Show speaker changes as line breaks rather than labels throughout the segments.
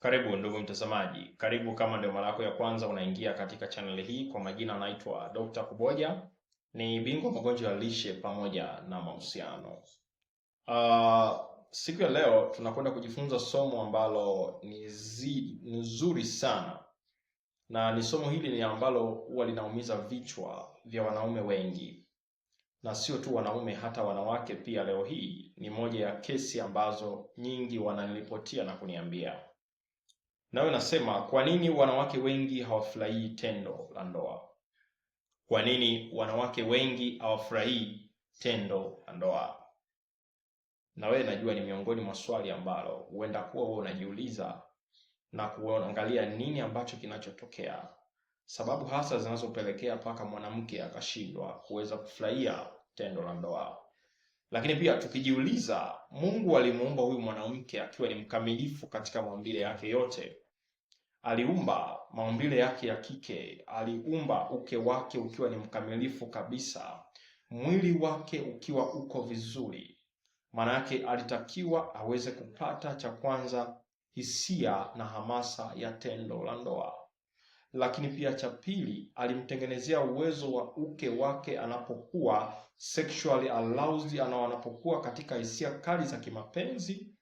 Karibu ndugu mtazamaji, karibu kama ndio mara yako ya kwanza unaingia katika chaneli hii. Kwa majina anaitwa Dr. Kuboja, ni bingwa magonjwa ya lishe pamoja na mahusiano. Uh, siku ya leo tunakwenda kujifunza somo ambalo ni nzuri sana, na ni somo hili ni ambalo huwa linaumiza vichwa vya wanaume wengi, na sio tu wanaume, hata wanawake pia. Leo hii ni moja ya kesi ambazo nyingi wananilipotia na kuniambia nayo nasema, kwa nini wanawake wengi hawafurahii tendo la ndoa? Kwa nini wanawake wengi hawafurahii tendo la ndoa? Na wewe najua ni miongoni mwa swali ambalo huenda kuwa wewe unajiuliza na kuangalia nini ambacho kinachotokea, sababu hasa zinazopelekea mpaka mwanamke akashindwa kuweza kufurahia tendo la ndoa. Lakini pia tukijiuliza, Mungu alimuumba huyu mwanamke akiwa ni mkamilifu katika maumbile yake yote. Aliumba maumbile yake ya kike, aliumba uke wake ukiwa ni mkamilifu kabisa, mwili wake ukiwa uko vizuri. Maana yake alitakiwa aweze kupata cha kwanza, hisia na hamasa ya tendo la ndoa lakini pia cha pili, alimtengenezea uwezo wa uke wake anapokuwa sexually aroused, ana anapokuwa katika hisia kali za kimapenzi,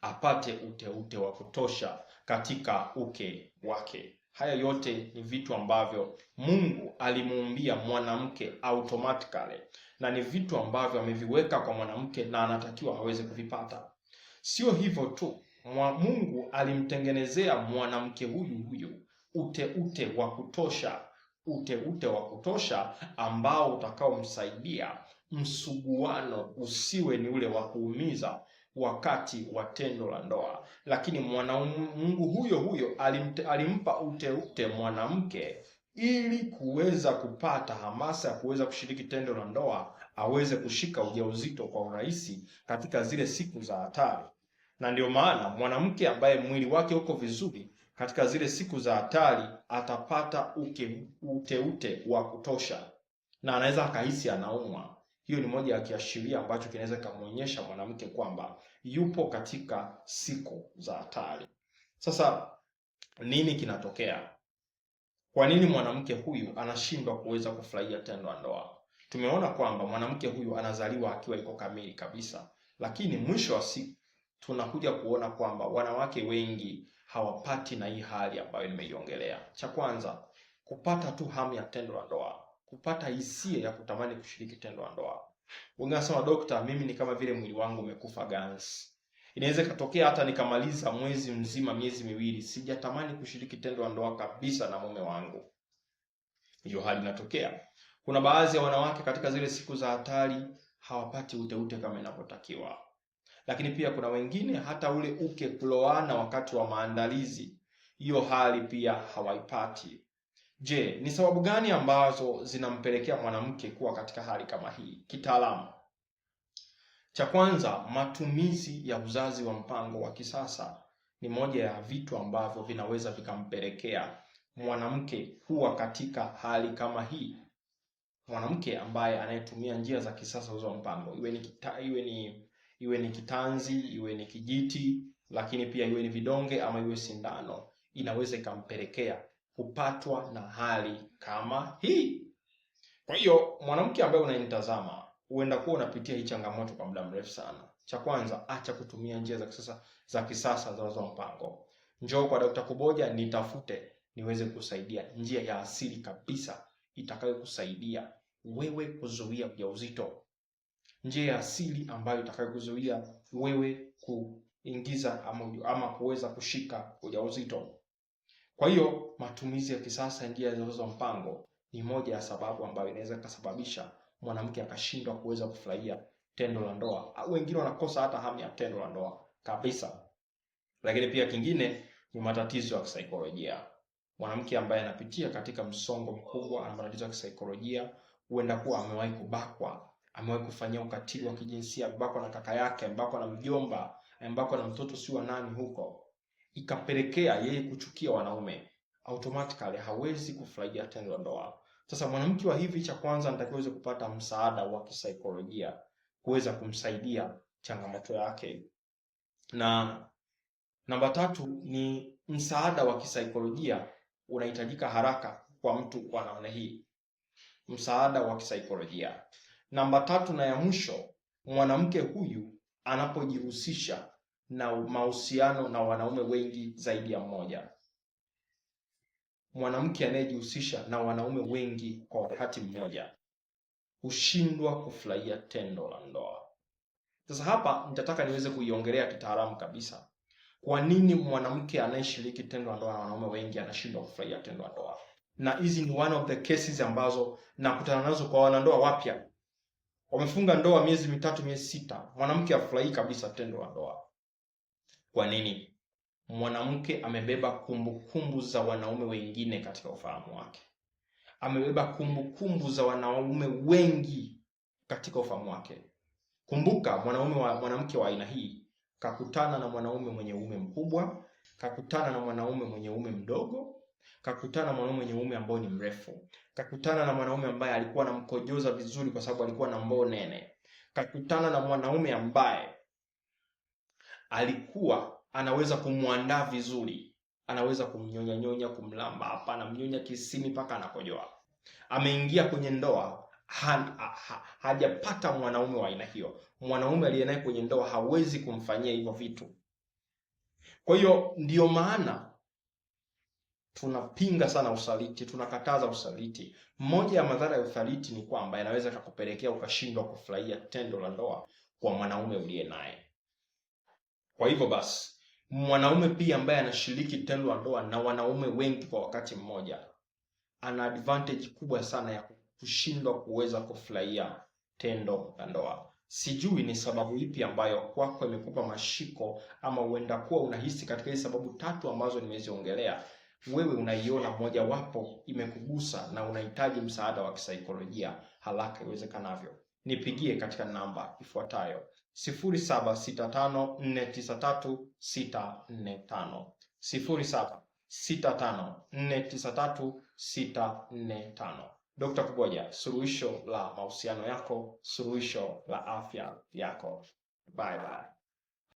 apate uteute wa kutosha katika uke wake. Haya yote ni vitu ambavyo Mungu alimuumbia mwanamke automatically, na ni vitu ambavyo ameviweka kwa mwanamke na anatakiwa aweze kuvipata. Sio hivyo tu, Mungu alimtengenezea mwanamke huyu huyu uteute wa kutosha, uteute wa kutosha ambao utakaomsaidia msuguano usiwe ni ule wa kuumiza wakati wa tendo la ndoa. Lakini mwanamungu huyo huyo alimte, alimpa uteute mwanamke ili kuweza kupata hamasa ya kuweza kushiriki tendo la ndoa, aweze kushika ujauzito kwa urahisi katika zile siku za hatari. Na ndio maana mwanamke ambaye mwili wake uko vizuri katika zile siku za hatari atapata uke uteute wa kutosha na anaweza akahisi anaumwa. Hiyo ni moja ya kiashiria ambacho kinaweza kumuonyesha mwanamke kwamba yupo katika siku za hatari. Sasa nini kinatokea? Kwa nini mwanamke huyu anashindwa kuweza kufurahia tendo la ndoa? Tumeona kwamba mwanamke huyu anazaliwa akiwa iko kamili kabisa, lakini mwisho wa siku tunakuja kuona kwamba wanawake wengi hawapati na hii hali ambayo nimeiongelea. Cha kwanza, kupata tu hamu ya tendo la ndoa, kupata hisia ya kutamani kushiriki tendo la ndoa. Wengine wanasema dokta, mimi ni kama vile mwili wangu umekufa gans. Inaweza ikatokea hata nikamaliza mwezi mzima, miezi miwili, sijatamani kushiriki tendo la ndoa kabisa na mume wangu. Hiyo hali inatokea. Kuna baadhi ya wanawake katika zile siku za hatari hawapati uteute kama inavyotakiwa lakini pia kuna wengine hata ule uke kuloana wakati wa maandalizi, hiyo hali pia hawaipati. Je, ni sababu gani ambazo zinampelekea mwanamke kuwa katika hali kama hii kitaalamu? Cha kwanza, matumizi ya uzazi wa mpango wa kisasa ni moja ya vitu ambavyo vinaweza vikampelekea mwanamke kuwa katika hali kama hii. Mwanamke ambaye anayetumia njia za kisasa za mpango, iwe ni kita, iwe ni iwe ni kitanzi, iwe ni kijiti, lakini pia iwe ni vidonge ama iwe sindano, inaweza ikampelekea kupatwa na hali kama hii. Kwa hiyo mwanamke ambaye unanitazama huenda kuwa unapitia hii changamoto kwa muda mrefu sana. Cha kwanza, acha kutumia njia za kisasa za kisasa za mpango. Njoo kwa dakta Kuboja nitafute niweze kusaidia njia ya asili kabisa itakayokusaidia wewe kuzuia ujauzito njia ya asili ambayo itakayokuzuia wewe kuingiza ama, ama kuweza kushika ujauzito. Kwa hiyo matumizi ya kisasa ya njia zilizo mpango ni moja ya sababu ambayo inaweza ikasababisha mwanamke akashindwa kuweza kufurahia tendo la ndoa, au wengine wanakosa hata hamu ya tendo la ndoa kabisa. Lakini pia kingine ni matatizo ya kisaikolojia. Mwanamke ambaye anapitia katika msongo mkubwa, ana matatizo ya kisaikolojia, huenda kuwa amewahi kubakwa amewahi kufanyia ukatili wa kijinsia ambako na kaka yake ambako na mjomba ambako na mtoto si wa nani huko, ikapelekea yeye kuchukia wanaume, automatically hawezi kufurahia tendo la ndoa. Sasa mwanamke wa hivi, cha kwanza anatakiwa aweze kupata msaada wa kisaikolojia kuweza kumsaidia changamoto yake, na namba tatu ni msaada wa kisaikolojia unahitajika haraka kwa mtu kwa namna hii, msaada wa kisaikolojia. Namba tatu na ya mwisho, mwanamke huyu anapojihusisha na mahusiano na wanaume wengi zaidi ya mmoja. Mwanamke anayejihusisha na wanaume wengi kwa wakati mmoja hushindwa kufurahia tendo la ndoa. Sasa hapa nitataka niweze kuiongelea kitaalamu kabisa, kwa nini mwanamke anayeshiriki tendo la ndoa na wanaume wengi anashindwa kufurahia tendo la ndoa, na hizi ni one of the cases ambazo nakutana nazo kwa wanandoa wapya wamefunga ndoa miezi mitatu, miezi sita, mwanamke afurahii kabisa tendo la ndoa. Kwa nini? Mwanamke amebeba kumbukumbu za wanaume wengine katika ufahamu wake, amebeba kumbukumbu za wanaume wengi katika ufahamu wake. Kumbuka, mwanaume wa mwanamke wa aina hii kakutana na mwanaume mwenye ume mkubwa, kakutana na mwanaume mwenye ume mdogo kakutana na mwanaume mwenye uume ambao ni mrefu, kakutana na mwanaume ambaye alikuwa anamkojoza vizuri kwa sababu alikuwa na mboo nene, kakutana na mwanaume ambaye alikuwa anaweza kumwandaa vizuri, anaweza kumnyonya nyonya, kumlamba hapa, anamnyonya kisimi mpaka anakojoa. Ameingia kwenye ndoa ha, ha, hajapata mwanaume wa aina hiyo. Mwanaume aliye naye kwenye ndoa hawezi kumfanyia hivyo vitu. Kwa hiyo ndiyo maana tunapinga sana usaliti, tunakataza usaliti. Moja ya madhara ya usaliti ni kwamba inaweza kakupelekea ukashindwa kufurahia tendo la ndoa kwa mwanaume uliye naye. Kwa hivyo basi, mwanaume pia ambaye anashiriki tendo la ndoa na wanaume wengi kwa wakati mmoja, ana advantage kubwa sana ya kushindwa kuweza kufurahia tendo la ndoa. Sijui ni sababu ipi ambayo kwako imekupa mashiko, ama huenda kuwa unahisi katika hizi sababu tatu ambazo nimeziongelea wewe unaiona mojawapo imekugusa na unahitaji msaada wa kisaikolojia haraka iwezekanavyo, nipigie katika namba ifuatayo 0765493645, 0765493645. Dr. Kuboja, suluhisho la mahusiano yako, suluhisho la afya yako. Bye bye.